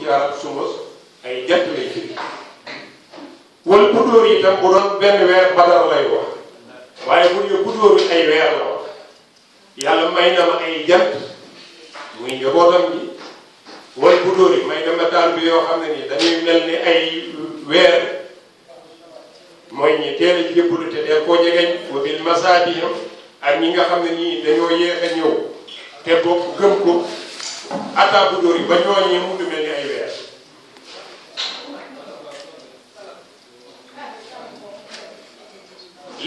jaar sumbas ay jant lay firi wala putóor yi tam bu doon benn weer badar lay waaye bu ñu putóor ay weer la wax yàlla ma ay jant muy njabootam ji wala putóor yi ma taal bi yoo xam ne nii ni ay weer mooy ñi teel a jébbalu te teel koo jegeñ wa bil masaabihim ak ñi nga xam ne nii dañoo yéex a te bokk gëm ko attaque bu dóor yi ba ñooñee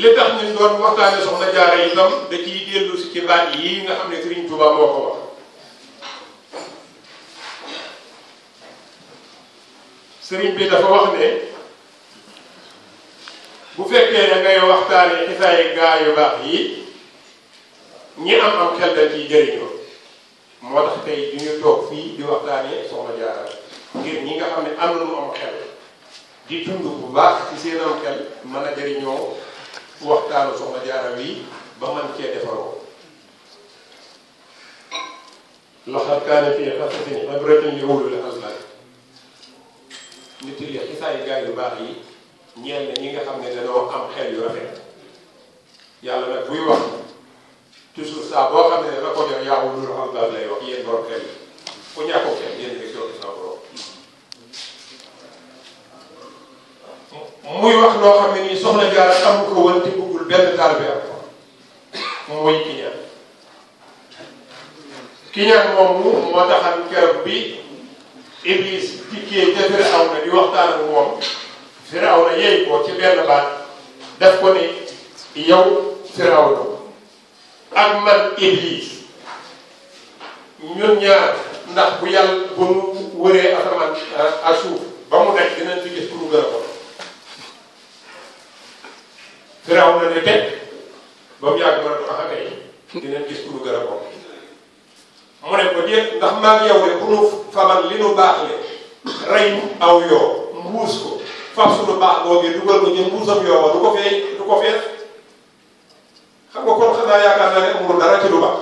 li tax ñu doon waxtaane soxna jaare itam da ciy dellu si ci baat yi nga xam ne Sëriñ Tuuba moo ko wax sëriñ bi dafa wax ne bu fekkee ne ngay waxtaane xisaayi gaa yu baax yi ñi am am xel dañ ciy jëriñoo moo tax tey du ñu toog fii di waxtaane soxna jaara ngir ñi nga xam ne am na mu am xel di dund bu baax ci seen am xel mën a jëriñoo waxtaanu soxna jaara wi ba man cee defaroo laqad kaana fii xasatin ibratun li ulil albab nit yi xisaay gaay yu baax yi ñeel na ñi nga xam ne dañoo am xel yu rafet yàlla nag buy wax toujours saa boo xam ne dafa ko jox yaa ulil albab lay wax yéen borom xel yi ku ñàkkoo xel yéen nga jox sa borom muy wax loo xam ne nii soxna jaara amu ko woon te bëggul benn taal bi am ko moom mooy kiñaan kiñaan moomu moo taxam keroog bi iblis dikkee ca Firawna di waxtaan ak moom Firawna yey ko ci benn baat def ko ne yow Firawna ak man iblis ñun ñaar ndax bu yàlla bu nu wëree asamaan ah, ak suuf ba mu daj dinañ ci gis pour mu gën a ko firaw na ne teg ba mu yàgg mën a ko axa ah kay dinañ gis pour gën a ko mu ne ko déet ndax maa ngi yow de bu nu fabal nu baax le rey aw yoo mbuus ko fab suñu baax boogee dugal ko ñu mbuusam yoo ba du ko fee du ko fee xam nga kon xanaa yaakaar naa ne amul dara ci lu baax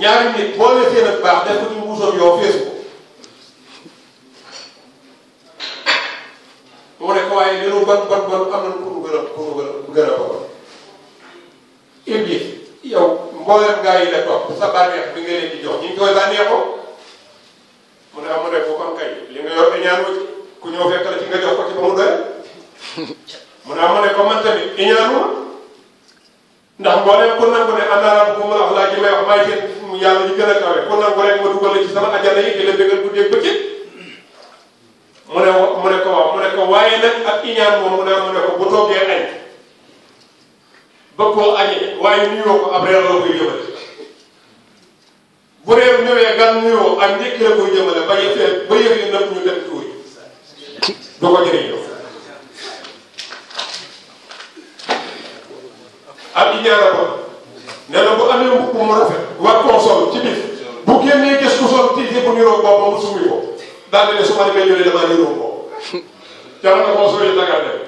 ñaari nit boole baax def ko ci mbuusam yoo fees ko mu ne ko waaye li nu bon bon bon am na ku nu gën a ku nu gën a gën a bon iblis yow mboolem gaa yi la topp sa bànneex bi nga leen di jox ñu ngi koy bànneexoo mu ne ah mu ne ko kon kay li nga yor ñaan ci ku ñëw fekk la ci nga jox ko ci ba doy mu ne ah ne ko man tamit ñaanuma ndax mboolem ku nangu ne am naa rab bu ma may wax maay seen yàlla ji gën a kawe nangu rek ma dugal ci sama ajana yi di la bégal guddeeg bëccëg mu ne mu ne ko waaw mu ne ko waaye nag ak iñaan moom mu ne mu ne ko bu toogee añ bëgg koo añee waaye nuyoo ko ab reer la koy jëmale bu reer ñëwee gan nuyoo ak ndékki la koy jëmale ba yëg ba yëg yi nag ñu dem tuuri du ko jëriñoo ak iñaan la ko nee bu amee mbubb mu rafet war koo sol ci biir bu génnee gis ku sol tiise bu niroo boppam mu summi ko daal di ne su ma demee ñëwee damaa réeróo ko yàlla na ko sooy nagaa dem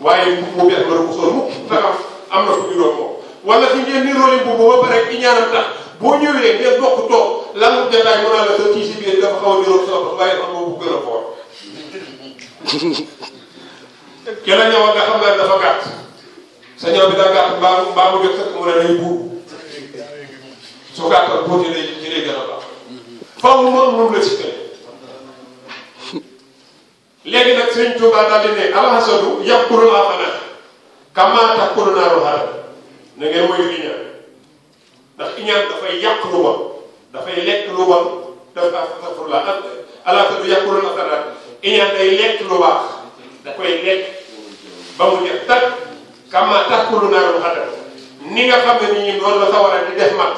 waaye bu mu bees nga ko sol mukk ndax am na fu ñu doon moom wala fi ngeen niroo leen boobu ba pare ci ñaanam tax boo ñëwee ngeen bokk toog lan mu jotaay mën naa la sa tiisi biir dafa xaw a niroo sa bopp waaye xam nga bu gën a foor kenn la ñëwoon nga xam ne dafa gàtt sa ñëw bi daa gàtt mbaa mbaa mu jot mu ne day buub su gàttal boo ci day ci day a baax faaw mu mën moom la si tey léegi nag sëñ Tuubaa daal di ne alxasadu yàqulu kamaa ndax iñaan dafay lu bon la ak alxasadu yàqulu laa ni nga xam ne nit ñi noonu la sawara di def matt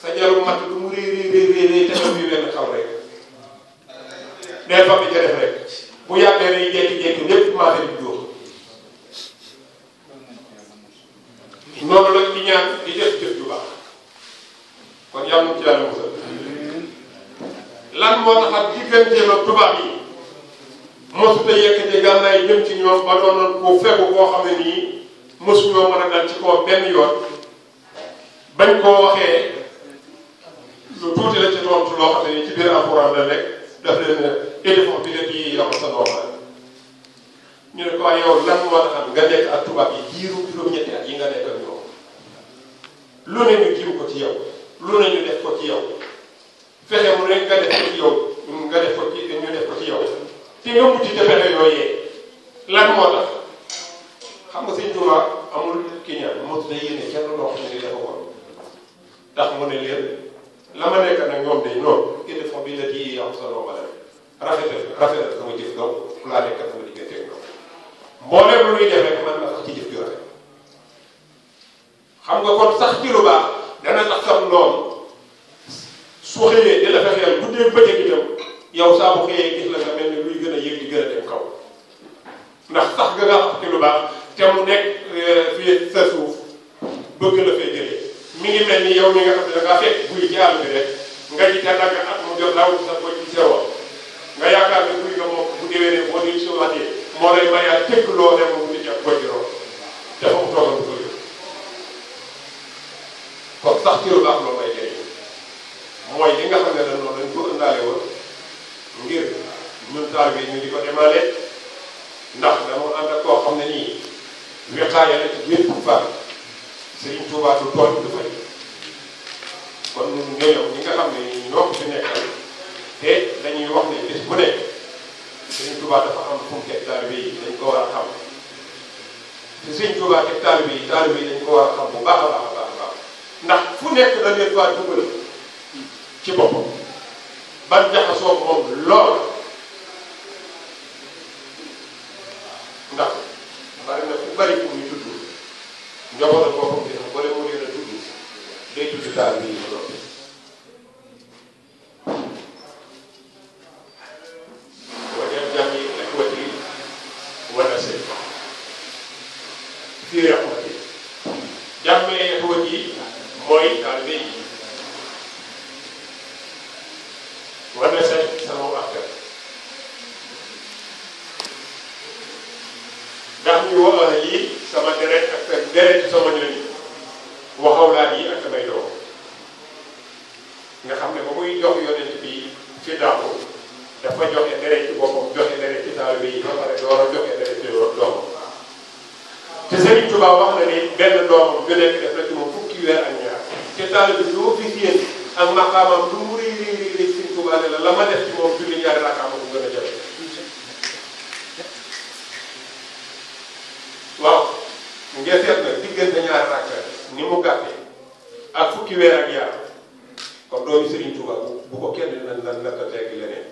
sa jarum matt du mu réy réy réy réy te daf benn xaw rek day fab di ca def rek bu yàggee day jékki-jékki ñëpp commencé di la ci ñaan di jëf jëf ju baax kon yàlla ci yàlla musal lan a yëkkati gànnaay ci ñoom ba doonoon ku fegu koo xam ne nii mosu ñoo mën a dal ci kaw benn yoon bañ koo waxee lu tuuti la ci tontu loo xam ne nii ci biir alxuraan la nekk daf leen ne téléphone bi nga kii yoxal sa doom ne ko waaye yow lan moo nga nekk ak tubaab yi diiru juróom-ñetti at yi nga nekk ak ñoom ko ci yow lu ko ci yow mu ne nga def ko ci nga def ko ci ñu def ko ci yow te nga mucc te fexe yooyee lan moo tax xam nga sëñ Tuubaa amul kii ñaar mos na ne dafa war ndax mu ne leen la ma nekk nag bi la kii yoxal sa rafetal rafetal sama jëf doom laa nekk ak sama digganteeg doom mbooleem lu ñuy def rek mën na sax ci jëf ju rafet xam nga kon sax ci lu baax dana tax sax doom su xëyee di la fexeel guddee bëccëg itam yow saa bu xëyee gis la nga mel ni luy gën a yëg di gën a dem kaw ndax sax nga nga sax ci lu baax te mu euh, mi ngi mel ni yow mi nga xam fekk buy ci àll bi nga ji te dagg at mu jot laa wut sa boj ci sewoo nga yaakaar ne guy nga moom bu déwénee boo dee si waatee moo lay mayaat tëgg loo dem mu nit ak bojjiroo dafa mu toogal ko yëg kon sax ci lu am loo may jëriñ mooy li nga xam ne dañ noonu dañ ko ëndaale woon ngir ñun taal bi ñu di ko demaale ndax dama ànd ak koo xam ne nii wexaaya la ci bépp fan Sëriñ Tuubaa du tooñ du fay kon ñun ñooñu ñi nga xam ne ñoo ko fi nekkal te dañuy wax ne bis bu ne Sëriñ Tuubaa dafa am mu teg taalibe yi dañ ko war a xam te Sëriñ Tuubaa teg taalibe yi taalibe yi dañ ko war a xam bu baax a baax a baax a baax ndax fu nekk da leen faa dugal ci boppam ban jaxasoo moom lool ndax bari na fu bari ku ñu tudd njabootam boppam bi sax ba leen jàmmale njaboot yi mooy taalibe yi war na seet sama wax dëgg ndax ñu wax lii sama deret ak deret sama njëriñ waxaw laa Touba wax na ni benn doomam ju nekk def na ci moom fukki weer ak ñaar te taalibe bi loo fi yéen ak maqaamam lu mu rëy rëy rëy rëy Sëriñ Touba ne la la ma def ci moom julli ñaari rakkaam ko gën a jafe waaw ngeen seet nag diggante ñaari rakka ni mu gàttee ak fukki weer ak ñaar kon doomi Sëriñ Touba bu ko kenn nan nan naka tegg leneen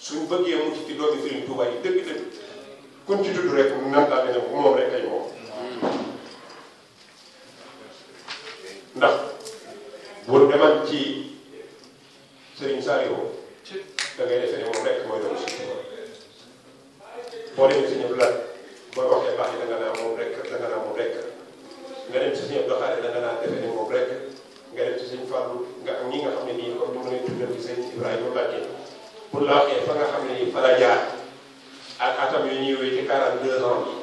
suñ bëggee mucc ci doomi Sëriñ Touba yi dëgg-dëgg kuñ ci tudd rek nan daal ne moom rek ay moom boo demal ci Serigne Saliou da ngay defee ne moom rek mooy doon suñu bopp boo demee si ñëpp laaj booy waxee baax yi da nga naa moom rek da nga naa moom rek nga dem si ñëpp doxalee da nga naa defee ne moom rek nga dem si Serigne Fallou nga am ñi nga xam ne nii comme ni ma leen tuddal ci Serigne Ibrahima Mbacke pour la waxee fa nga xam ne nii fa la jaar ak atam yu ñuy wéy ci 42 ans yi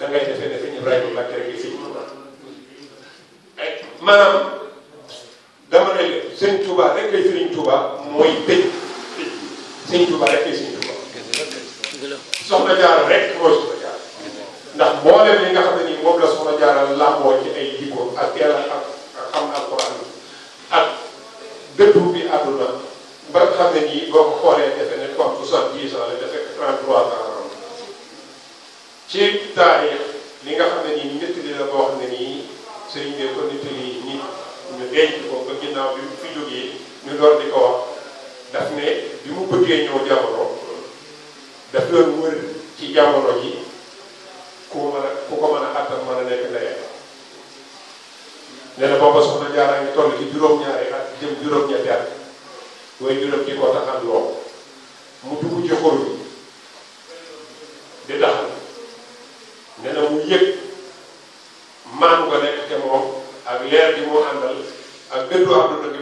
da ngay defee ne Serigne Ibrahima Mbacke rek li Serigne Touba maanaam. nekkee Serigne Touba mooy bëj Serigne Touba rek ay Serigne Touba soxna jaara rek mooy soxna jaara ndax mboolem li nga xam ne nii moom la soxna jaara làmboo ci ay jikko ak yàlla ak xam alquran ak dëddu bi àdduna a xam ne nii boo ko xoolee defe ne comme soixante-dix ans la defe 33 ans ci taarix li nga xam ne nii nettali la boo xam ne nii Serigne bi ko nettali nit ñu denc ko ba ginnaaw bi fi jógee ñu door di ko wax ne bi mu bëggee ñëw jamono daf doon wër ci jamono ji ku mën a ku ko mën a àttan mën a nekk ndeyam nee na booba soxna Jaara ngi toll ci juróom-ñaari at jëm juróom-ñetti at way juróom ci ko taxan lool mu dugg ci xur bi di tax nee na mu yëg maan ko nekk te moom ak leer bi moo àndal ak gëddu àdduna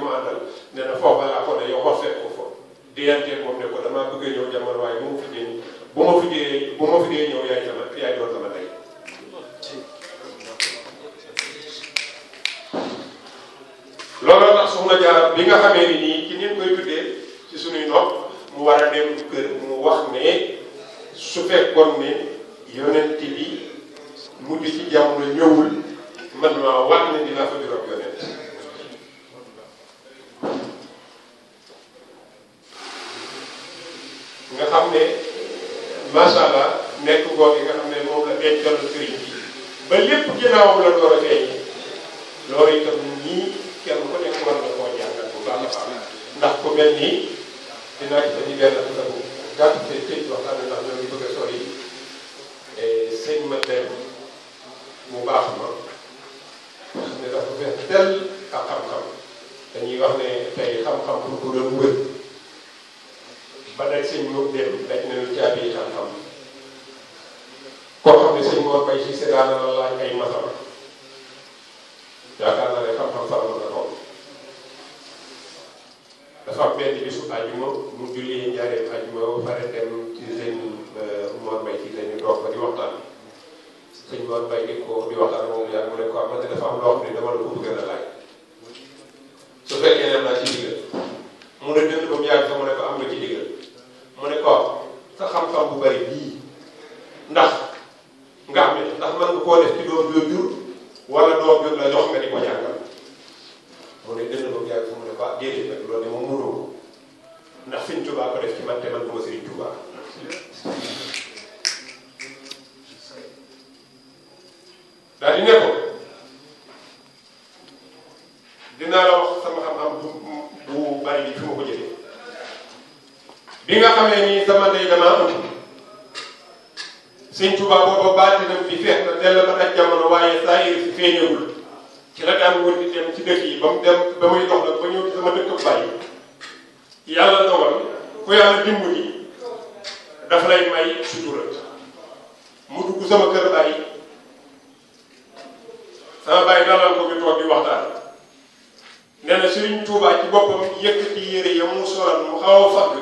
nee na foofa laa ko ne yow xor seet ko fa diyanteeg moom ne ko damaa bëgg a ñëw jamono waaye bu ma fi dee bu ma fi dee bu ma fi dee ñëw yaay sama yaay doon sama nga xamee ni nii ci nin koy tuddee ci suñuy nopp mu war a dem kër mu wax ne su fekkoon ne yonent mu di ci jamono ñëwul man maa wax ne dinaa fa di rob yonent ginnaawam la door a feeñ loolu itam ñii kenn ku nekk war na koo jàngal bu baax a baax ndax ku mel nii benn bu tabu gàtt sori sëñ ma dem mu baax ma xam ne dafa fees del ak xam-xam dañuy wax ne tey xam ba nag sëñ moom dem daj na lu caabi xam koo xam ne sëñ Mor Mbaye si seetaan na la laaj ay masal yaakaar naa ne xam-xam sax na ko dafa am benn bisu àjjuma mu julli ñaari àjjuma ba pare dem ci sëñ euh, Mor Mbaye si lañu toog ba di waxtaan sëñ Mor Mbaye di ko di waxtaan moom yaa mu ne ko man dafa am loo xam ne dama la ko bëgg a laaj su fekkee dem naa ci digal mu ne dënd ba mu yàgg sax mu ne ko am nga ci digal mu ne ko sa xam-xam bu bari bii ndax. ngàmbe ndax mën nga koo doom joo jur wala doom jur la jox nga di ko jàngal mu ne dënn boobu yàgg su mu ne ko ah, déedéet nag loolu ne moom mënoo ko ndax Sëriñ Tuubaa ko def ci man te man bu Tuubaa booba baatinam bi feex na dell ba ak jamono waaye saa yéen si feeñewul ci la daan wër di dem ci dëkk yi ba mu dem ba mu dugg ko bi toog di waxtaan nee na Sëriñ Tuubaa ci boppam yëkkati yére ya mu solal mu xaw a fagg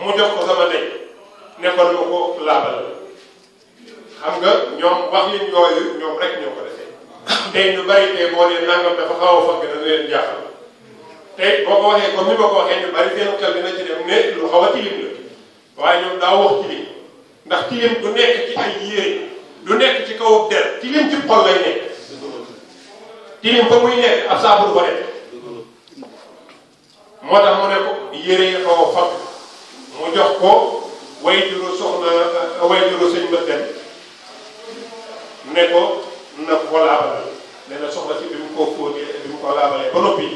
mu def ko sama tey nekkoon ma ko laabal xam nga ñoom wax lim yooyu ñoom rek ñoo ko defee tey ñu bari tey boo nee nangam dafa xaw a fagg dana leen jaaxal tey boo ko waxee comme ni ma ko waxee ñu bari seen xel dina ci dem ne lu xaw a tilim la waaye ñoom daa wax tilim ndax tilim du nekk ci ay yére du nekk ci kaw der tilim ci xol lay nekk tilim fa muy nekk ab saabu du ko def moo tax mu ne ko yére yi xaw a fagg mu jox ko way juru soxna way juru sëñ mbët dem ne ko na ko ko laabalal nee na soxna si bi mu ko fóotee bi mu ko laabalee ba noppi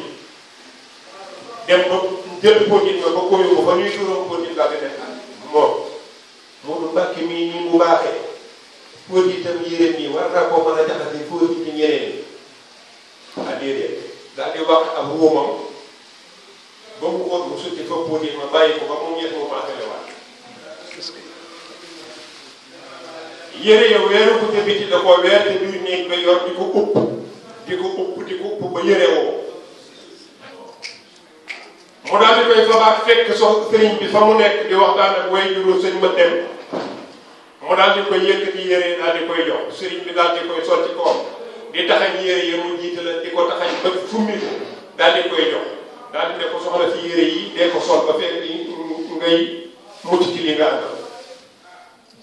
dem ba jël fóotin nga ba kóoyu ko ba ñuy juróom fóotin nga gën a moom Moodu Mbàkke mii nii mu baaxee fóotitam yére nii war na koo mën a jaxase fóotitu ñeneen ñi ah déedéet daal di wax ak wóomam ba mu wóor mu sotti ko fóotin ma bàyyi ko ba moom ñett mu maasale waat yére ya weeru ko te biti la ko weer te duy néeg ba yor di ko upp di ko upp di ko upp ba yére woo mu di koy fabaat fekk sox sëriñ bi fa mu di waxtaan ak way juru sëñ ma dem mu daal di koy yëkkati yére daal di koy jox sëriñ bi daal di koy sol ci kawam di taxañ yére ya mu jiite la di ko taxañ ba fummi ko daal di di ko soxla ci yére yi ko sol ba fekk ngay mucc ci li nga àndal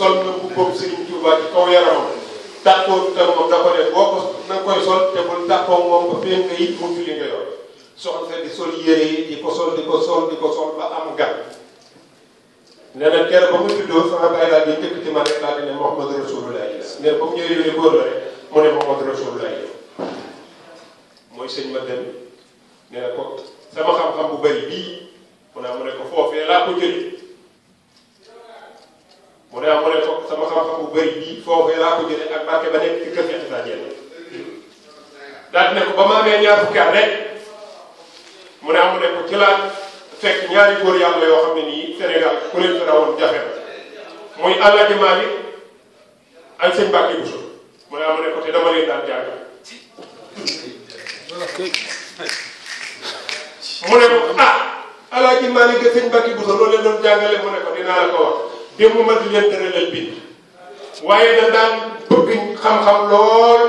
sol na mbubbam Serigne Touba ci kaw yaramam tàkkoo tam moom da ko def ko na sol te bul moom ba fee nga it mu julli nga yor soxna di sol yére yi di ko sol di ko sol di ko sol ba am gan nee na keroog ba mu juddoo sama baay daal di njëkk ci man di ne Mouhamadou Rasulullah nee na ba mu ñëwee yooyu góor la mu ne Mouhamadou Rasulullah mooy sëñ ma dem nee na ko sama xam-xam bu bari bii mu ne mu ne ko foofee laa ko jëli mu ne ah mu ne ko sama xam-xam bu bëri bii foofu laa ko jëlee ak barke ba nekk ci kër gi ak daal ne ko ba ma amee ñaar fukki ko ci laa fekk ñaari góor yàlla yoo xam ne nii Sénégal ku leen fi rawoon jafe muy Alaaji Maalik ak sëñ Mbàkke Bousso mu ne ah mu ne ko te dama leen daan jàng mu ne ko ah Alaaji Maalik ak sëñ Mbàkke Bousso loolu leen doon jàngale mu ne ko démb ma di leen tëralal bind waaye da daan bëgg xam-xam lool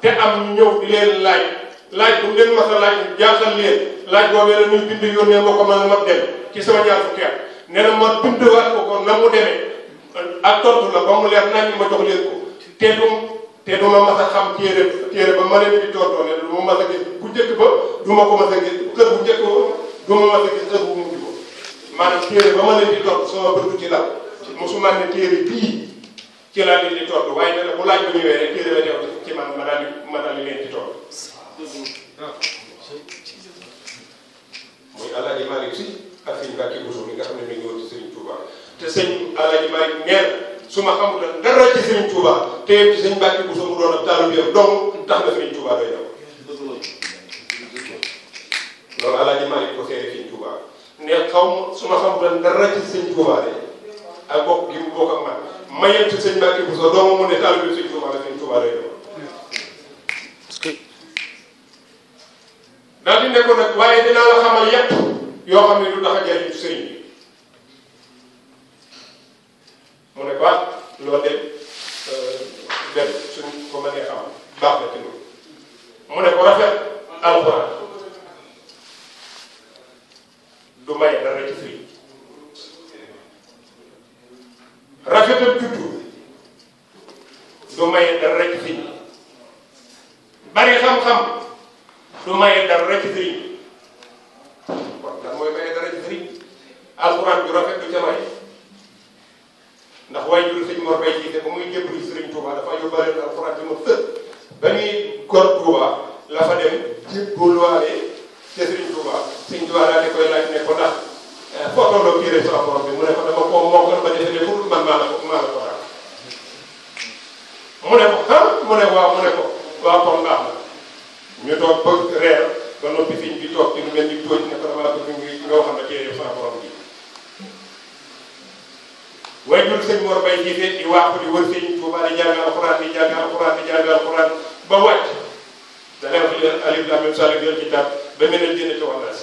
te am ñëw di leen laaj laaj bu leen mas a laaj jaaxal leen laaj boobee la ñuy bind yónnee ma ko mën a dem ci sama jaar fukki at nee na ma bindwaat ko kon na mu demee ak tontu la ba mu leer nañ ma jox leen ko te du ma mas a xam téere ba ma leen di tontoo ne du ma mas a gis bu ba du ma ko mas a gis kër bu njëkk ba du ma mas a gis kër mujj ba maanaam téere ba ma leen di tontu sama bëgg ci mosuma ne téere bii ci laa leen di toll waaye nag bu laaj bu ñëwee rek téere la jox man ma daal di ma daal di muy El Hadj Malick si ak sëñ Mbacke Bousso mi nga xam ne mi ngi te sëñ El Hadj Malick nee su ma xamutoon dara ci te ci sëñ Mbacke Bousso mu doon ak dong tax na Serigne Touba doy daw. loolu El Hadj Malick ko seere Serigne Touba ne xaw ma su ma de. ak bokk gi mu bokk ak man ma yem ci sëñ Mbacke Bousso doomu mu ne taalibe sëñ Touba la sëñ Touba lay doon daal di nekkoon nag waaye dinaa la xamal yépp yoo xam ne du tax a jariñ sëriñ bi mu ne baax ah, loo dem euh, dem suñ ko mënee xam baax na ci loolu mu ne ko rafet alxuraan du rafetal juddu du maye dara ci sëriñ bari xam-xam du maye dara ci sëriñ kon lan mooy maye dara ci sëriñ alxuraan ju rafet du ca maye ndax waaye jur sëñ Mor Bay jiite ba muy jébbalu sëriñ ba muy gor Touba la fa dem jébbaluwaale ca sëriñ Touba sëñ koy laaj ko ndax foo tolloo kii rek sama borom bi mu ne ko dama koo mokkal ba defe ne ful man maa la ko maa la ko daal mu ne ko ah mu ne waaw mu ne ko waaw kon baax na ñu toog ba reer ba noppi fiñ bi toog ci lu mel ni tóoj ne ko dama bëgg ngi nga waxal ma téere sama borom bi waaye ñun sëñ Mor Mbaye jiite di waaxu di wër sëñ Tuuba di jàng alxuraan di jàng alxuraan di jàng alxuraan ba wàcc da leen ko jël alif lam mim sàll jël ci tab ba mel ne jënd ci wàllas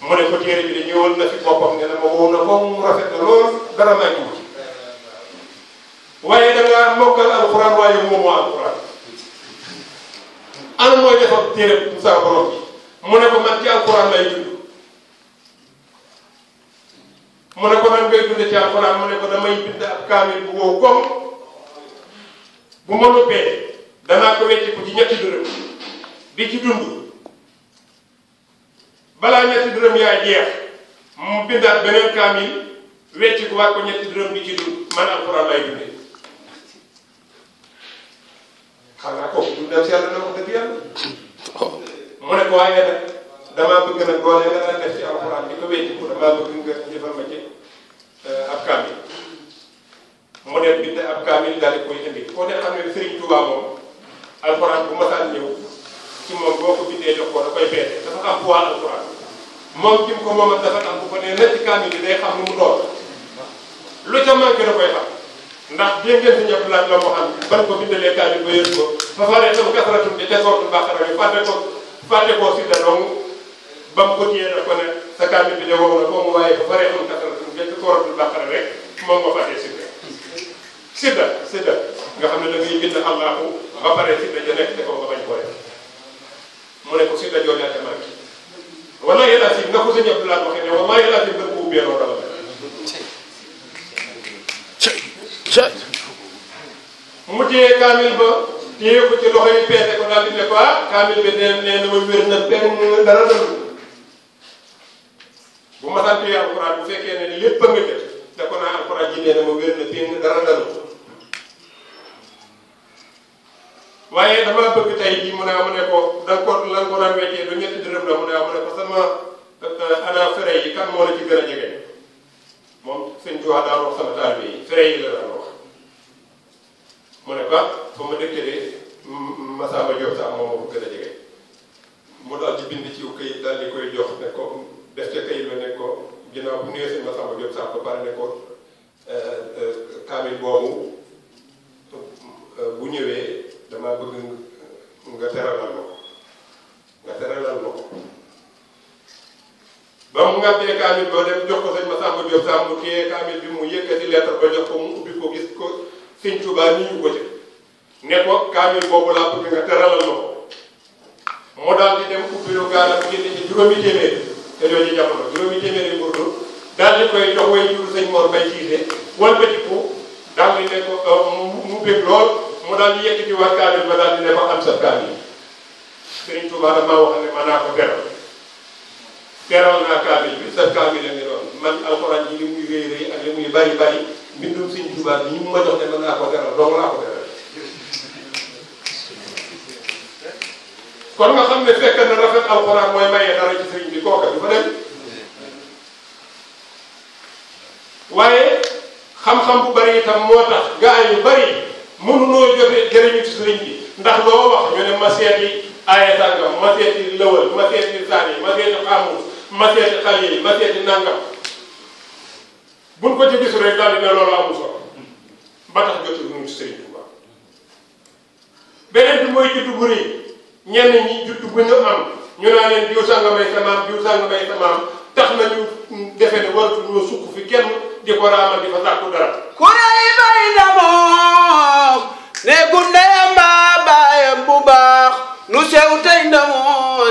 mu ne ko téere bi de ñëwal na fi boppam ne ma woo na ko mu rafet na loolu dara naa jiwu ci waaye da ngaa mokkal alxuraan waaye moomoo alxuraan ana mooy defar téere sa borom bi mu ne ko man ci alxuraan lay dund mu ne ko man ngay dund ci alxuraan mu ne ko damay bind ma noppee danaa ko wecc ko ci ñetti dërëm di ci dund balaa ñetti dërëm yaa jeex mu bindaat beneen kaamil wecci ko waat ko ñetti dërëm ci dund man alxuraan lay dundee xam naa kooku dundam si yàlla na wax dëgg yàlla mu ne ko waaye nag damaa bëgg nag doole nga daan def ci alxuraan bi ko wecci ko damaa bëgg nga defal ma ci euh, ab kaamil mu dem bind ab kaamil daal di koy indi koo ne xam ne Serigne Touba moom alxuraan bu masaan ñëw ci moom boo ko bindee jox da koy peete dafa am poids alxuraan moom ko moom dafa am bu ko nee na ci kaamil bi lu mu doon lu ca manqué da koy xam ndax dégg ngeen fi ñëpp laaj la moo xam ban ko bindalee kaamil ba yëg ko ba pare tam kasaratum di desootu bàqara bi fàtte ko fàtte ko si da dong ko téyee daf ko ne sa kaamil bi de wow na boobu waaye ba pare tam kasaratum di desootu bàqara moom nga fàttee si sidda sidda nga xam ne da ngay mu ne ko si dajoo ñaata maa ngi wala yéen asim nga ko sa ñëpp laat waxee ne wala yéen asim nga ko ubbee loo dal mu téye kaamil ba téye ko ci loxo yi ko daal di ne ko ah kaamil bi nee na ma wér na benn dara dalul bu ma santee alquran bu ne nga da ko alquran ji na ma na dara waaye dama bëgg tey jii mu ne mu ne ko da ko la ko daan weccee du ñetti dërëm la mu ne mu ne ko sama euh, ana fere yi kan moo la ci gën a jege moom sëñ Tuubaa daan wax sama taal bi fere yi la daan wax mu ne ko ba ah, ma dëkkee de Masamba Diop sax moom Touba nii ñu ko def ne ko kaamil boobu laa bëgg nga tëralal ma ko mu daal di dem ubbiru gaanam génne ci juróomi téeméeri te doo ci jamono juróomi téeméeri nguur daal di koy jox way jur sëñ Mor Mbaye Cissé walbatiku daal di ne ko euh, mu bég lool mu daal di yëkkati waat kaamil ba daal di ne ma am sa kaamil sëñ Touba damaa wax ne ma naa ko beral teral naa kaamil sa kaamil la ngi doon man alxuraan ji li muy rëy rëy ak li muy bari mbindum Sëñ Tuubaa bi ñu ma jox ne mën ko teral dong laa ko teral kon nga xam ne fekk na rafet alxuraan mooy maye dara ci sëriñ bi kooka du fa dem waaye xam-xam bu bari itam moo tax gaa yu bari mënunoo jote jëriñu ci sëriñ bi ndax loo ma seeti aaya tàngam ma seeti lëwal ma seeti saani ma ma seeti xalil ma buñ ko ci gisul rek daal dina loolu ba tax jotul mu Sëriñ Tuuba beneen bi mooy juddu bu rëy ñenn ñi juddu bu ñu am ñu naa leen diw sàngamay sa maam diw sàngamay sa tax na defe ne waratu ñoo sukk fi kenn di ko raamal di fa sàkku dara ku rëy bay na moom ne ku ndeyam baa baayam bu baax nu sew tey na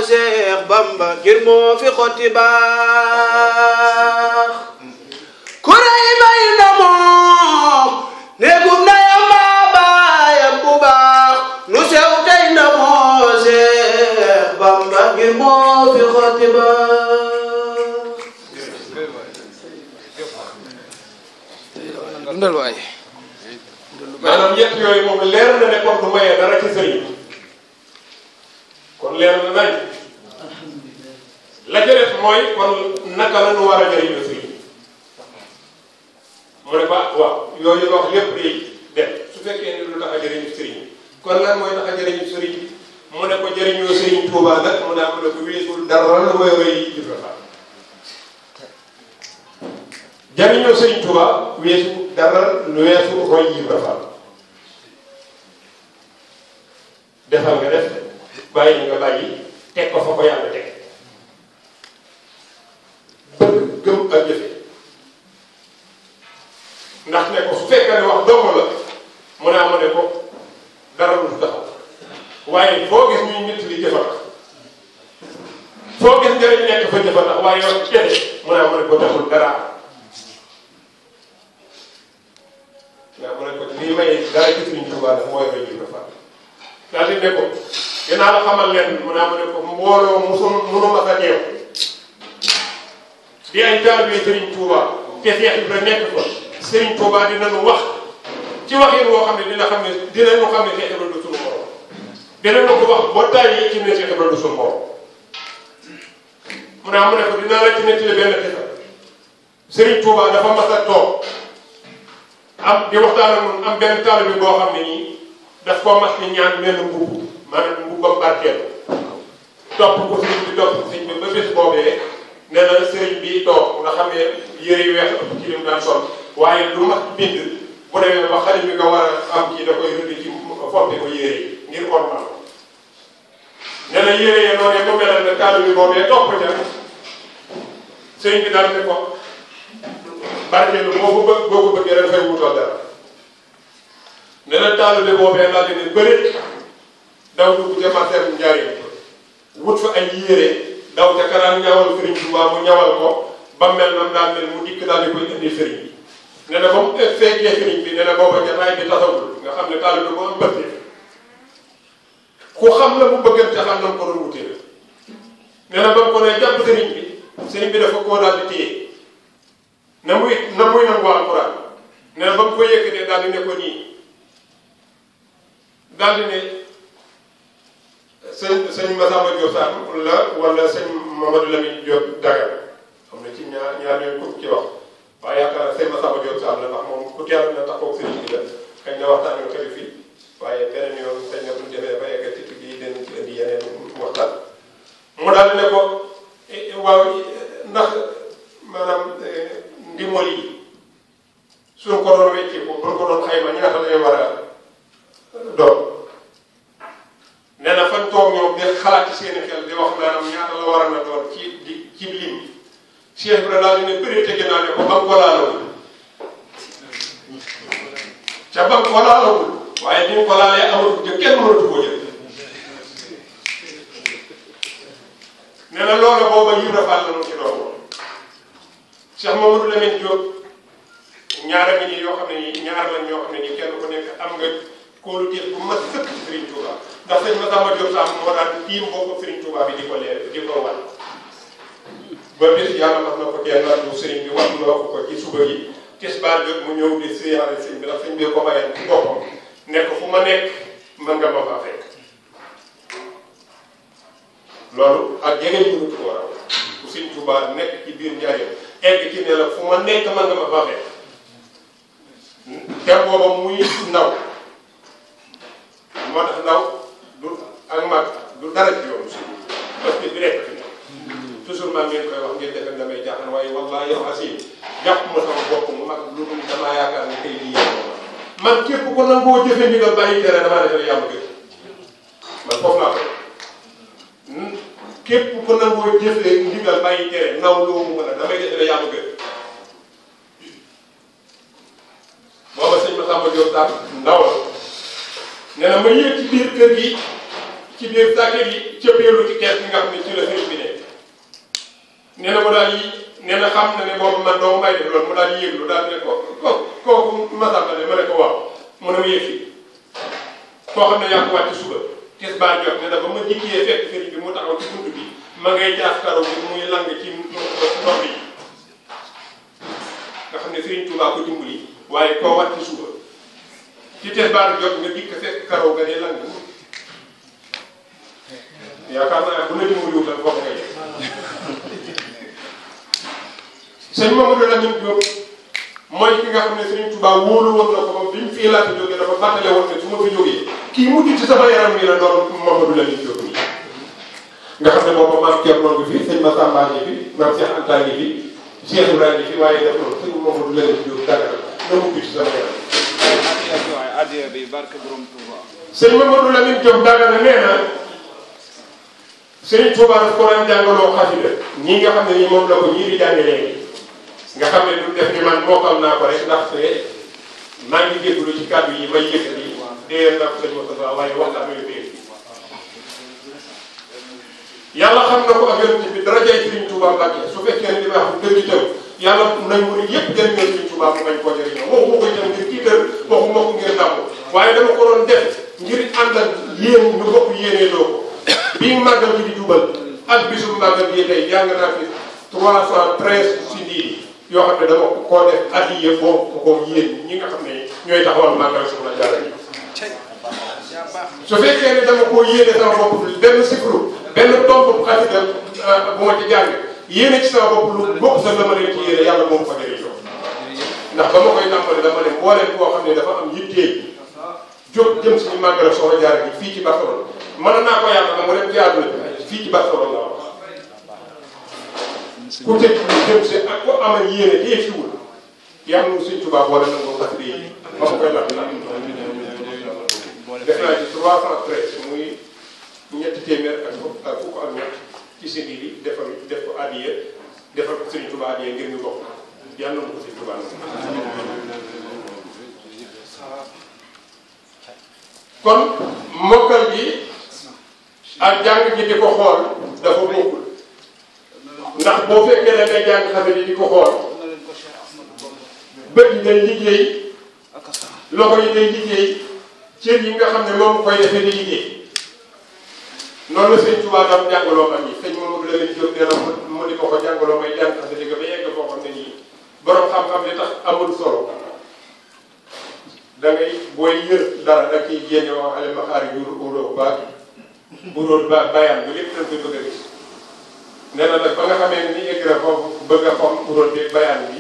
Seex Bamba ngir moo fi xotti baax andal waay. maanaam ñett yooyu moom leer na ne kon du maye dara ci sëriñ kon leer na nañ la ca def mooy kon naka la ñu war a jëriñoo sëriñ mu ne ba waaw yooyu wax lépp day dem su fekkee ne lu tax a jëriñu sëriñ kon lan mooy tax a jëriñu sëriñ mu ne ko jëriñoo sëriñ Tuubaa nag mu ne am na ko wéesul dara la mooy wéy jëf la jëriñoo sëriñ Tuubaa wéesu dara lu weesu roy yi ba faal defal nga def bàyyi nga bàyyi teg ko fa ko yàlla teg bëgg gëm ak jëfe ndax ne ko su fekkee wax doomu la mu ne amoon ne ko dara du taxaw waaye foo gis ñuy nit li jëfa foo gis njëriñ nekk fa jëfa tax waaye yow jëfe mu ne amoon ne ko taxul dara dara ci Sëriñ Tuubaa dafa mooy Baay Ibra Faal daal di ne ko dinaa la xamal leen mu naa ma ne ko mbooloo musul mënuma fa teew di ay taalibe Sëriñ Tuubaa te Seex Ibra nekk ko Sëriñ Tuubaa dinañu wax ci waxin woo xam ne dina xam ne dinañu xam ne Seex Ibra du suñu borom dinañu ko wax ba tàyyi ci ne Seex Ibra du suñu borom mu naa mu ne ko dinaa la ci nettali benn xisa Sëriñ Tuubaa dafa mas a toog am di waxtaan ak moom am benn taalibe bi boo xam ne nii daf koo mas ni ñaan mel mbubb maanaam mbubbam barkeel topp ko sëñ bi topp sëñ bi ba bés bi toog nga xam ne yu weex ëpp ci lim daan sol waaye du mas bind bu demee ba bi nga war a am ci da koy rëdd ci fomte ko yére yi ngir ormal nee na yére yi noonee mu melal ne taalibe bi boobee topp ca sëriñ bi daal ne ko barkeelu boo ko bëgg boo ko bëggee rek fay wutal dara ne la taalibe boobee daal di ne bëri daw dugg ca marché njariñ wut fa ay yére daw ca kanam mu ñawal ko ba mel nam daan mel mu dikk daal di koy indi sëriñ bi ne na ba mu e-, xam ne taalibe ko am na mu ko ne jàpp sëriñ bi sëriñ bi dafa koo daal di téye na muy na muy nangu alquran nee na ba mu ko yëkkatee daal di ne ko nii daal di ne sëñ sëñ Massamba Diop Sarr la wala sëñ Mamadou Lamine Diop Daga xam ne ci ñaar ñaar yooyu ku ci wax waaye yaakaar naa sëñ Massamba Diop Sarr la ndax moom ku teel na taxaw sëñ bi la kañ la waxtaan yu xëy fii waaye beneen yoon sëñ na buñ demee ba yegg ci bii dinañ ci indi yeneen waxtaan mu daal di ne ko eh, waaw ndax maanaam. Eh, di mol yi suñ ko doon weccee ko buñ ko doon xayma ñaata lay war a doon nee na fan toog ñoom di xalaat di wax maanaam ñaata la war a na doon ci di ci lim bi Cheikh Ibrahima daal di ne bëri tege naa ne ko ba mu ko laalawul ca ba mu ko laalawul waaye bi mu ko laalee amul jë kenn mënatu ko jël nee na loolu booba Ibra Cheikh Mamadou Lamine Diop ñaara mi nii yoo xam ne nii ñaar lañ yoo xam ne nii kenn nekk am nga kóoluteef bu mat sëkk ci Serigne Touba ndax sëñ Massamba Diop Samb moo daan tiim mbokku Serigne Touba bi di ko leer di ko wan. ba bis yàlla mas na ko teelaat bu Serigne bi wan loo ko ko ci suba gi jot mu ñëw di siyaare sëñ bi ndax sëñ bi ko mayee ci boppam nekk fu ma nekk mën nga ma faa fekk loolu ak yeneen yu ko war a Serigne Touba nekk ci biir Ndiarème. egg ci ne la fu ma nekk man nga ma fa fekk te booba muy ndaw moo tax ndaw du ak mag du dara ci yoonu si parce que bi rek fi toujours maa ngeen koy wax ngeen defal damay jaaxal waaye wallahi yow asi jàpp ma sama bopp mu mag lu dul damaa yaakaar ne tey lii yàlla man képp ko nangoo jëfe ndigal bàyyi tere damaa defe ne yàlla man foofu laa koy képp ku nangoo jëfee ndigal bàyyi tere naw loo mu mën a damay def ne yaa ma gën booba sëñ Massamba Diop daal ndaw la nee na ma yéeg ci biir kër gi ci biir sàkket yi cëppeelu ci kees bi nga xam ci la sëñ bi ne nee na mu daal yi nee na xam na ne boobu man doo may def loolu mu daal yéeg lu daal ne ko ko kooku Massamba ne ma ne ko waaw mu ne ma yéeg fii koo xam ne yaa ko wàcc suba tis baa jot ne dafa ma dikkee fekk sëriñ bi mu taxaw ci bunt bi ma ngay jaaf karo bi muy lang ci ndox yi nga xam ne sëriñ Tuubaa ko dimbali waaye koo wat ci suba ci tis baa jot nga dikk fekk karo nga ne lang yaakaar naa bu la dimbaliwul ak bopp ngay sëñ Mamadou Lamine Diop mooy ki nga xam ne sëriñ Tuubaa wóolu woon na ko moom bi mu fii laata jógee dafa bàttale woon ne su ma fi jógee ki mujj ci sama yaram mi la doon Mamadou Lamine Diop nii nga xamne ne boobu maam Thierno ngi fi sëñ Massamba ngi fi ma ci Anta ngi fi Cheikh Ibrahima ngi fi waye def noonu sëñ Mamadou Lamine Diop dara do mujj ci sama yaram. adiya bi barke borom Touba. sëñ Mamadou Lamine na neena na Touba ko daan jangalo xasida ñi nga xamne ne nii moom la ko ñii di jangale nga xamne du def ni man mokkal naa ko rek ndax maa ngi jégalu ci kàddu yi may yëkkati déyal naa ko sëñ Moustapha waaye waxtaan wi déyal yàlla xam na ko ak yonent bi darajay Sëriñ Tuubaa Mbàkke su fekkee ne li may wax dëgg itam yàlla nañ ko yëpp jëriñoo Sëriñ Tuubaa mu bañ koo jëriñoo waxu ma ko jëriñ ngir tiital waxu ma ko ngir dàmm waaye dama ko doon def ngir ànd ak yéen ñu bokk yéenee doo ko bii màggal bi di jubal ak bisu màggal bi tey jàng naa fi 313 si diir yoo xam dama ko koo def addiya boobu ko yéen ñi nga xam ne ñooy taxawal màggal soxna Jaara su fekkee ne dama koo yéene sama bopp benn sikru benn tomb bu xasida bu euh, ma ci jàng yéene ci sama bopp lu bokk sa la ma leen ci yéene yàlla moom fa dee jox ndax ba ma koy nàmpale dama ne mbooleem koo xam ne dafa am yittee jóg jëm suñu màggal soxna jaara gi fii ci Barcelone mën naa ko yàq na mu dem ci àdduna bi fii ci Barcelone la wax ku tëj lu jëm si ak ku amal yéene tee fiwul yàlla mu suñ tubaab wala na nga xasida yi ma def naa ci 313 muy ñetti téeméer ak fukk ak fukk ak ñett ci sëñ bi defal def ko addiya defal ko Sëriñ Tuubaa addiya ngir ñu bokk yàlla na ko Sëriñ ji di ko xool dafa bokkul ndax boo fekkee da ngay jàng xamee yi di ko xool bët yi day liggéey loxo yi day liggéey cër yi nga xam ne moom koy defee di liggéey noonu la sëñ Tuubaa daan jàngaloo am yi sëñ Mamadou Lamine Diop nee na mu di ko ko jàngaloo may jàng xas di nga ba yegg foo xam ne nii borom xam-xam li tax amul solo da ngay booy yër dara da ciy génne waxale maxaari yu uroo ba uróol ba bayam bi lépp dañ koy bëgg a gis nee na nag ba nga xamee ni egg na foofu bëgg a xam uróol bi bayam bi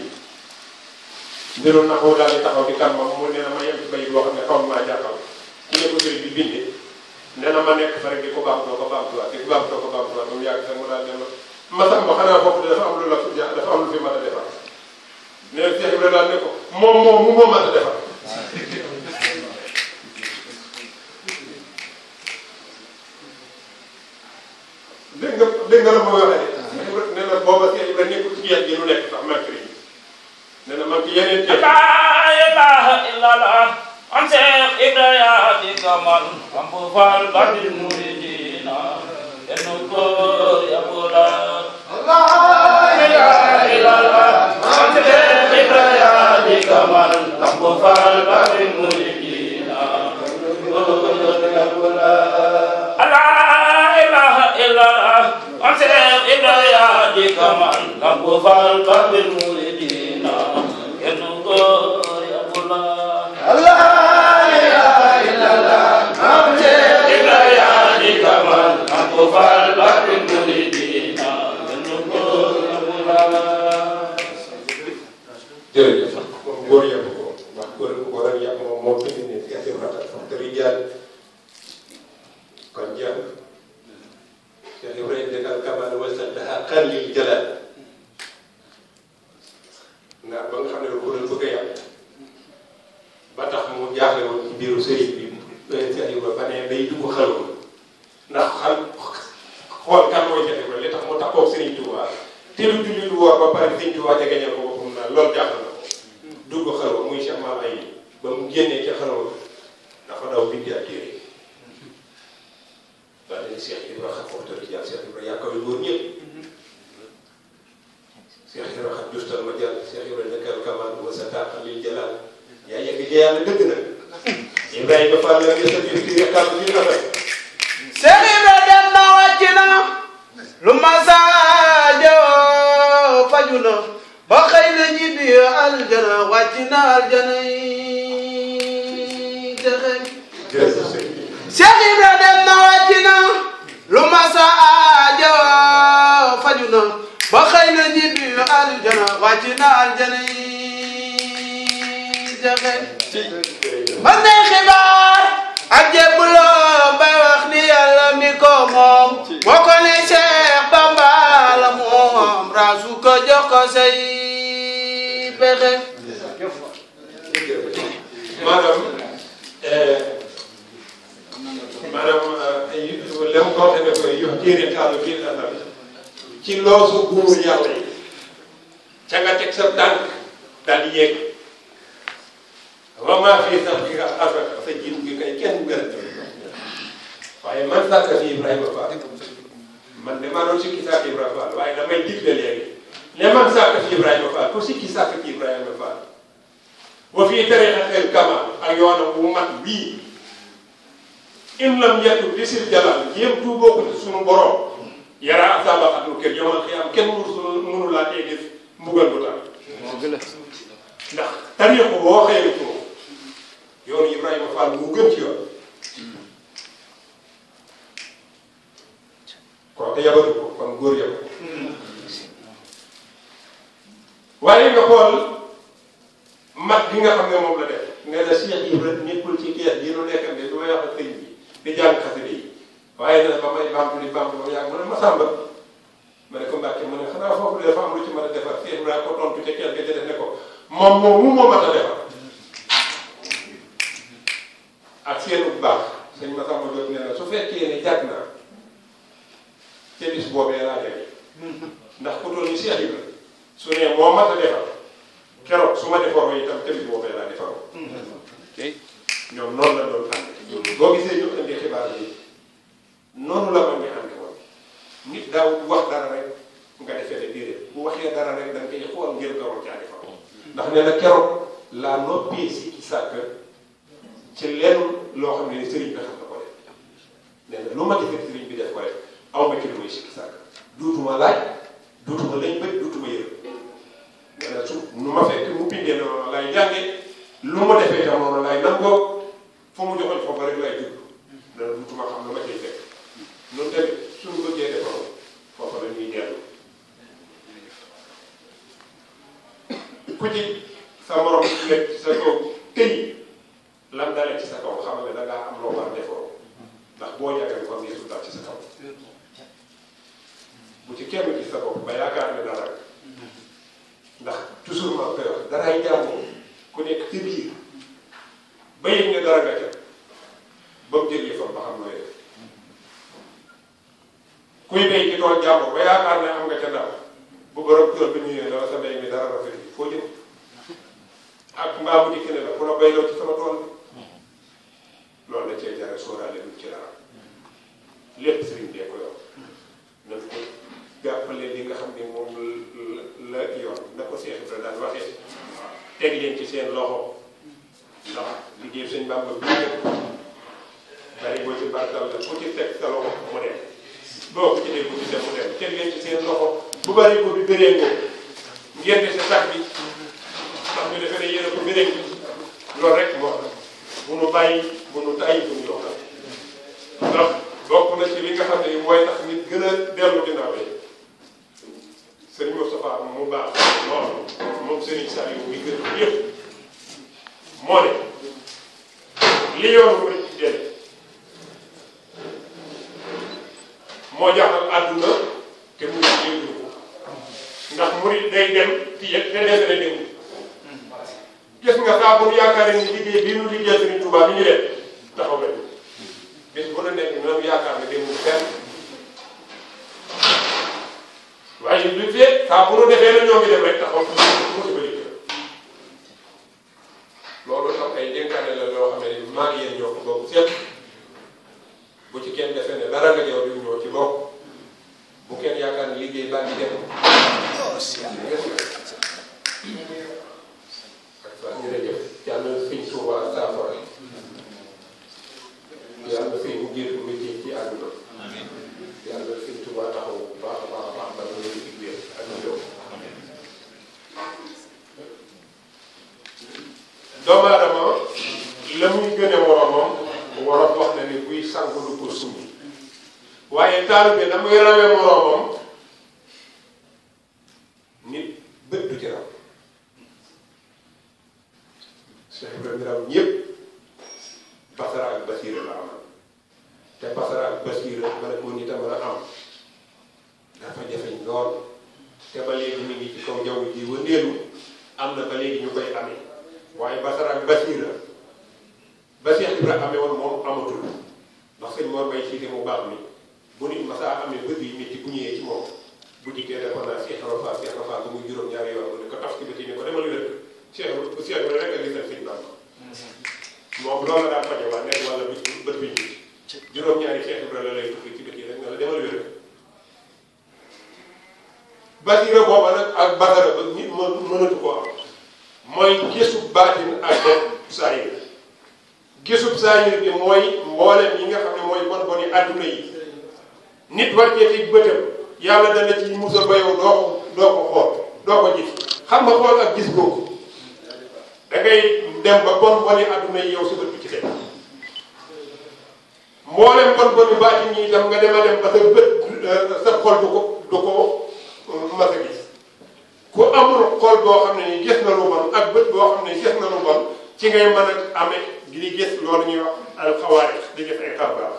ndiroon na ko daal di taxaw di mu ne na ma yem ci bay boo xam ne xaw maa jàppal ci ne ko sëriñ bi bindee ne na ma nekk fa rek di ko a ko baaxutuwaat di ko baaxutoo ko baaxutuwaat ba mu yàgg sax mu daal dem masam ba xanaa foofu de dafa am lu la dafa am lu fi mën a defar ne Cheikh Ibrahima daal ne ko moom moom mu moo mën a defar Fall Babil Mouridina kenn ko yabula Allah ya ilallah ante ibraya di kamal Lampu Fall Babil Mouridina Allah ilaha illallah kamal Lampu Fall Babil Mouridina jërëjëf góor bu rafet sax te rijaal kon jàng Cheikh Ibrahima dina al kamal wasaddaha xalil jalal ndax ba nga xam ne góor bëgg a yàpp ba tax mu jaaxle woon ci biiru sëriñ bi Cheikh Ibrahima ba ne day dugg xalwa xol kan mooy Cheikh Ibrahima li tax mu takko Serigne Touba té lu julli lu woor ba pare Serigne Touba jegeñal ko boppam na lool jaaxal na ko dugg xalwa muy Cheikh Maam Ayi ba mu génnee ci xalwa dafa daw bindi ak téré ba dañu Cheikh Ibrahima ko tor ci yàlla Cheikh Ibrahima yàkkaw lu góor ñëpp Cheikh Ibrahima xam justal ma jall Cheikh Ibrahima nekkal kamal wa sataq taax lil jalaal yaa yegg ca yàlla dëgg na Ibrahima fa la nga sa ci ci yàkkaat bi ñu rafet wàcc na lu ma saajoo faju na ba xëy na ñibbi aljana wàcc na aljana yi texe Cheikh Ibra dem na wàcc na lu ma saajoo faju na ba aljana wàcc na aljana maanaam maanaam la mu ko waxee ne ko yox téere xaalu biir asal ci loosu góor yàlla yi ca nga teg sa tànk daal di yegg wa maa fii sax bi nga asal sa jiw gi kay kenn gën waaye man sàkk si Ibrahima Fall man de maa doon sikki sàkk Ibrahima Fall waaye damay digle léegi ne man sàkk si Ibrahima Fall ku sikki sàkk ci Ibrahima Fall wa fii tariqatil kamal ak yoonam bu mat bii in lam yatub li sil jalal jéem tuuboo ko ci sunu borom yaraa sabaxatul kër yomal xiyaam kenn mënu mënu laa mbugal bu ndax tariqu boo xëyee ko yoonu Ibrahima Fall mu gën ci yoon kooku yabatu ko kon góor yabatu hmm. waaye nga xool mat bi nga xam ne moom la def ne la Cheikh Ibra nekkul ci kees gi nu nekk ne du may wax ak sëñ bi di jàng xasida yi waaye dana ba may bamtu di bamtu ba yàgg ma ne ma sàmba ma ne ko mbàkke ma ne xanaa foofu dafa am lu ci mën a defar Cheikh Ibra ko tontu ca kees ga ca def ne ko moom moom mu moo mat a defar ak seenu baax sëñ ma sàmba doot ne la su fekkee ne jàgg naa ca bis boobee laa def ndax ku toll ni Cheikh Ibra su ne moo mat a defar keroog su ma defaroo itam tamit boobee laa defaroo ñoom noonu la doon ànd boo gisee ñu indi xibaar bi noonu la ma ñu ànd woon nit daaw wax dara rek nga defee ne déedéet bu waxee dara rek da nga koy xool ngir gawal caa defaroo ndax nee na keroog laa noppee si sàkk ci lenn loo xam ne sëriñ bi xam na ko def nee na lu ma defee sëriñ bi def ko rek aw ma ci lu may sikki sàkk duutuma laaj duutuma lañ bëri duutuma yërëm laacu numa fe tumu pinde no lay jange luma defe tam non lay nango fo mu joxol fo rek lay jub dana mutuma xam lama cey fekk non tamit suñu bëggee defaroo foofa la ñuy dellu ku ci sa morom nekk ci sa kaw tëy lam dale ci sa kaw xamal ne da ngaa am loo war defoo ndax boo ñàkkee kon yeesu dal ci sa kaw bu ci kenn gis sa bopp ba yaakaar ne dara ndax toujours maa koy wax daraay jàmm ku nekk ci biir ba yëg ne dara nga ca ba mu jël yëfam ba xam nooy def kuy béy ci tool jàmm ba yaakaar ne am nga ca dara bu borom tool bi ñëwee dara sa mbéy mi dara rafet bi foo jëm ak mbaa bu dikkee ne la ku la béyloo ci sama tool bi loolu la cee jare sóoraale duñ ci dara lépp sëriñ bee ko yor nañ ko jàppale li nga xam ne moom la yoon na ko Cheikh Ibrahima daan waxee teg leen ci seen loxo ndax liggéey sëñ Bàmba bi lépp bari boo ci barkal la ku ci teg sa loxo mu dem boo ko ci dee ku ci dem mu teg leen ci seen loxo bu bari ko bi bëree ngeen di sa sax wax na ne buy sangu du ko sumb waaye taal na muy rawee moroomam nit bët du ci raw Cheikh raw ñëpp basara ak basira la amal te basara ak basira mën ko nit a mën a am dafa jafeñ lool te ba léegi ñu ngi ci kaw jaww ji wëndeelu am na ba léegi ñu koy amee waaye basara ak basira ba Cheikh Ibrahima amee woon moom amatul ndax sëñ Mor Mbaye Cissé mu baax mi bu nit masaa amee bët yi métti bu ñëwee ci moom bu dikkee ne ko naan Cheikh Rafa Cheikh Rafa ba muy juróom-ñaari yoon mu ne ko taf ci bët yi ne ko demal wér Cheikh Cheikh rek a gisal sëñ Bamba moom loolu daa faje waa nekk wala bët bët bi ñu juróom-ñaari Cheikh Ibrahima lay tukki ci bët yi rek nga la demal wér basira booba nag ak basara ba nit mënatu ko am mooy gisu baatin ak saa yi gisub saayir bi mooy mboolem yi nga xam ne mooy bon boni adduna yi nit war cee teg bëtam yàlla dana ci musa ba yow doo ko doo ko xool doo ko gis xam nga xool ak gis boobu da ngay dem ba bon boni adduna yi yow subat bi ci dem mboolem bon boni baatin yi itam nga dem a dem ba sa bët sa xol du ko du ko mas a gis ku amul xol boo xam ne ni gis na lu bon ak bët boo xam ne gis na lu bon ci ngay mën a amee di gis loolu ñuy wax al alxawaarix di gis ay xabaar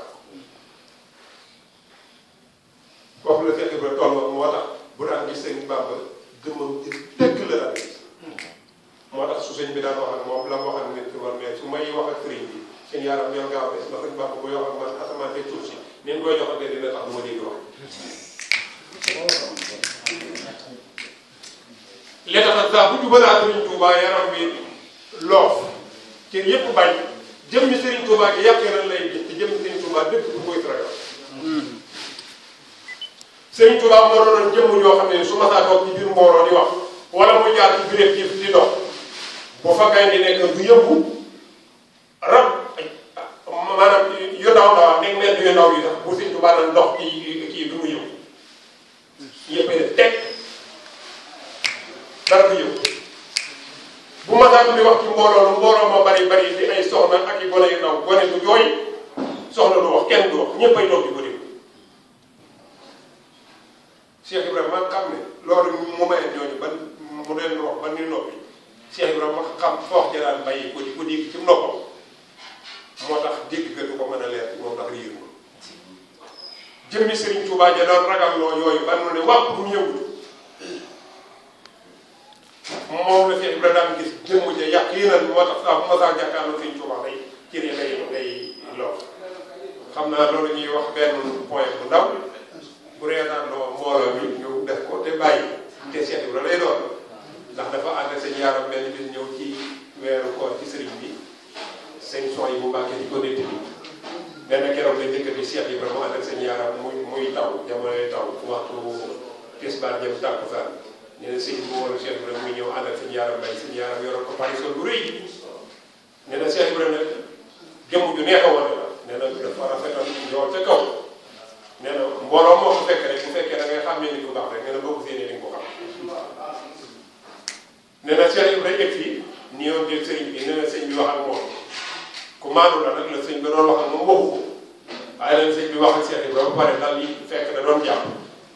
foofu la Seex ba tolloo moo tax bu daan gis seen Bàmba gëmmam ci dëgg la daan gis moo tax su sëñ bi daan wax ak moom la wax ak nit ci war mais su may wax ak sëriñ bi seen yaram yoon gaaw des ba sëñ Bàmba bu wax ak man asamaan te suuf si ni mu koy ak dina tax moo dégg wax li tax ak saa bu jubalaa sëriñ Tuubaa yaram bi loof kër yëpp bañ jëm ni Serigne Touba gi yàq na lay gis te jëm ni Serigne Touba dëkk bu koy traité. Serigne Touba moo doon jëmm xam ne su ma saa toog ci biir mbooloo di wax wala mu jaar ci biir ci di dox bu fa kay di nekk du yëngu rab maanaam yu ndaw ndaw nekk mel yu ndaw yi sax bu Serigne Touba naan dox kii kii du mu yëngu yëpp a teg dara du yëngu. bu maanaam di wax ci mbooloo lu ma bari bari di ay soxna ak i gone yu ndaw gone du jooy soxna du wax kenn du wax ñépp ay toog di ko déglu Cheikh Ibrahima xam ne loolu mu mayee ñooñu ban mu leen wax ban ni noppi Cheikh Ibrahima xam foox jaraan bàyyi ko di ko dégg ci noppam moo tax dégg ga du ko mën a leer moom tax riir ma jëmmi Serigne Touba ja doon ragal loo yooyu ban mu ne wàpp bu moom la Cheikh Ibrahima daan gis jëmu ja yaqiinan moo tax saa ah bu ma saa jàkkaarloo Sëñ Tuubaa day cëree day day lool. xam naa loolu ñuy wax benn point bu ndaw bu reetaan loo mbooloo mi ñu def ko te bàyyi te Cheikh Ibrahima lay doon ndax dafa ànd ak sëñ yaaram benn bis ñëw ci weeru koor ci sëriñ bi sëñ son yi bu Mbàkke di ko détti benn keroog la njëkk bi Cheikh Ibrahima ànd ak sëñ yaaram muy muy taw jamonoy taw waxtu tisbaar jëm tàkkusaan ñu ne sëñ bi mu woon Cheikh Ibrahima mu ñëw ànd ak sëñ yaaram lay sëñ yaaram yoroon ko pari sol bu rëy nee na Cheikh Ibrahima jëmm ju neex a wane la nee na dafa rafetoon njool ca kaw nee na mbooloo moo ko fekk rek bu fekkee da ngay xam ne nit ku baax rek nee na boo ko séenee di nga ko xam nee na Cheikh Ibrahima egg fii nii yoon jël sëñ bi nee na sëñ bi wax ak moom ku maandu la nag la sëñ bi doon wax ak moom waxu ko waaye nag sëñ bi wax ak Cheikh Ibrahima ba pare dal yi fekk da doon jàpp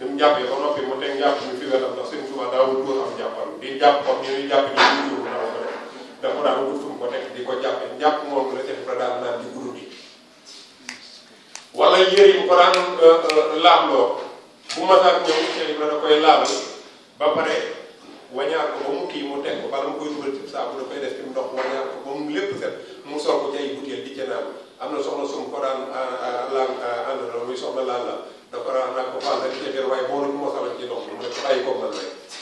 bi mu jàppee ba noppi mu teg jàpp mi fi wetam ndax sëñ Tuubaa daawul dóor am jàppam di jàpp ko ko di ko jàppee jàpp moom la def daan naan di guru bi wala yére yi mu ko daan laabloo bu masaan ñëw Cheikh Ibra da koy laal ba pare wañaar ko ba mu kii mu teg ko bala mu koy dugal ci saabu da koy def ci ndox wañaar ko ba mu lépp set mu ko ci ay butéel di ca naan am na soxna sum ko daan muy soxna la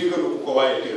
diggalu ko away.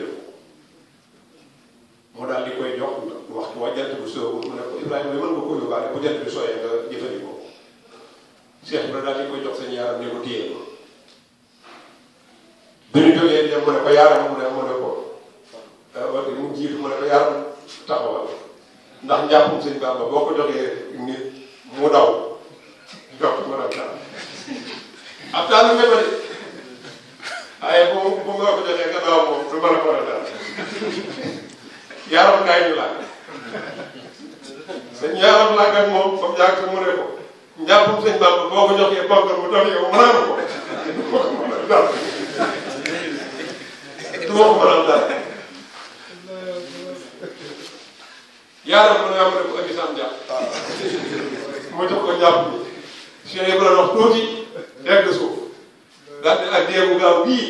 jàkk mu ko njàppum sëñ Bamba ko joxee bàmbal mu ko duma ko mën a dara duma ko mën a dara ko andi sam jàpp ah. mu jox ko tuuti egg suuf daal di ak déegu gaaw bii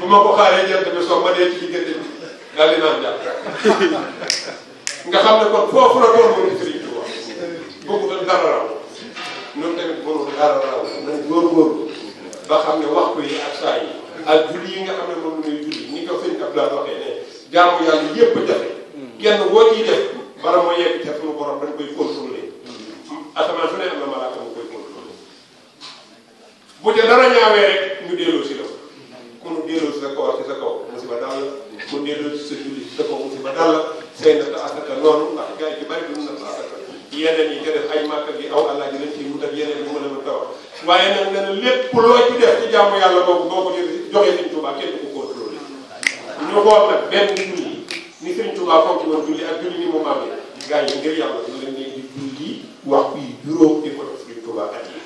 bu ma ko xaaree jant bi soog ma dee ci diggante bi daal di naan jàpp nga ne kon foofu la doon mu ngi bëggu la dara raw ñoom tamit a dara raw nañ góorgóorlu ba xam ne wa yi ak saa yi ak nga xam ne moom la ñuy julli ni ko sëñ Abdoulaye waxee ne jaamu yàlla yëpp a jafe kenn woo ciy def bala moo yegg ca suñu borom dañ koy contrôler asamaan su ne am na malaaka mu koy contrôler bu te dara ñaawee rek ñu delloo si la ku nu delloo si sa kaw si sa kaw musiba dal mu delloo si sa julli si sa kaw musiba dal la say natt asaka noonu ndax gars yi ci bari duñ natt asaka yeneen yi nga def ay màkk gi aw àllaa ji lañ ciy wut ak yeneen yu mën a taw waaye nag nee na lépp loo ci def ci jàmm yàlla boobu boo ko joxee Sëriñ Tuubaa kenn du ko contrôlé ñu xool nag ni Sëriñ Tuubaa fonk woon julli ni mu màggee gars yi ngir yàlla ñu leen di julli waxtu di ko def Sëriñ Tuubaa at yi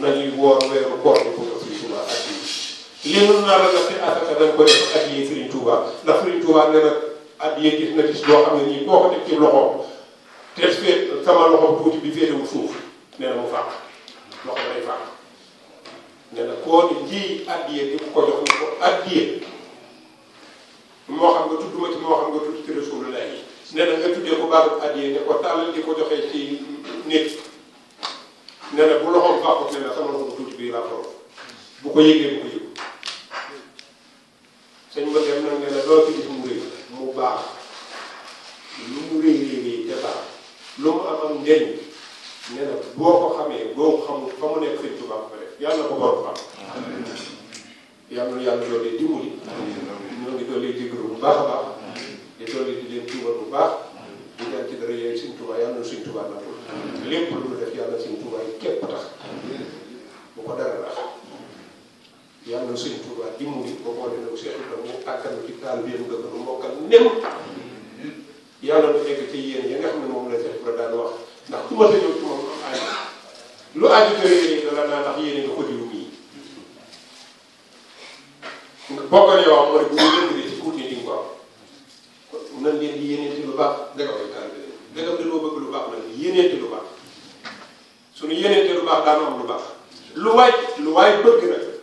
nañuy woor weeru koor di ko def Sëriñ li mun naa la nga da nga ko def at yi Sëriñ Tuubaa ndax Sëriñ na at yi gis na gis boo xam ne nii te fee sama loxo tuuti bi féetewu suuf nee na mu fàq loxo day fàq nee na koo ni lii addiye di ko jox nga ko addiye moo xam nga tudd ma ci moo xam nga tudd ci rasulullah yi nee na nga tuddee ko baarub addiye ne ko tàllal di ko joxee ci nit nee na bu loxoom fàqut nee na sama loxo tuuti bii laa toll bu ko yëgee bu ko yëg sëñ ba dem nag nee na loo ci gis mu rëy mu baax lu mu rëy rëy rëy te baax lu mu am am njëriñ ne boo ko xamee boo xamul fa mu nekk sëñ Tuubaa fa def yàlla ko borom xam yàlla yàlla doole di ñoo ngi doole jéggalu bu baax a baax di doole di leen tuubal bu baax di ñaan ci dara yooyu sëñ Tuubaa yàlla na sëñ Tuubaa nangul lépp lu mu def yàlla sëñ Tuubaa yi képp tax bu ko dara la yàlla na sëñ di dimbali boo xoolee nag Cheikh Ibrahima mu àggal ci taal bi mu gën a mokkal nem yàlla mu nekk ci yéen yi nga xam ne moom la Cheikh Ibra daan wax ndax ku ma tëjoo ci moom am aaj lu aaju kër yéen la naa ndax yéen nga ko diw nii boo ko yow am mooy bu ñu lëndee ci kuuti di nga ko am nan leen di yéeneeti lu baax dëgg koy taalibe dëggam dañoo bëgg lu baax nag yéeneeti lu baax suñu yéeneeti lu baax daan am lu baax lu waay lu waay bëgg nag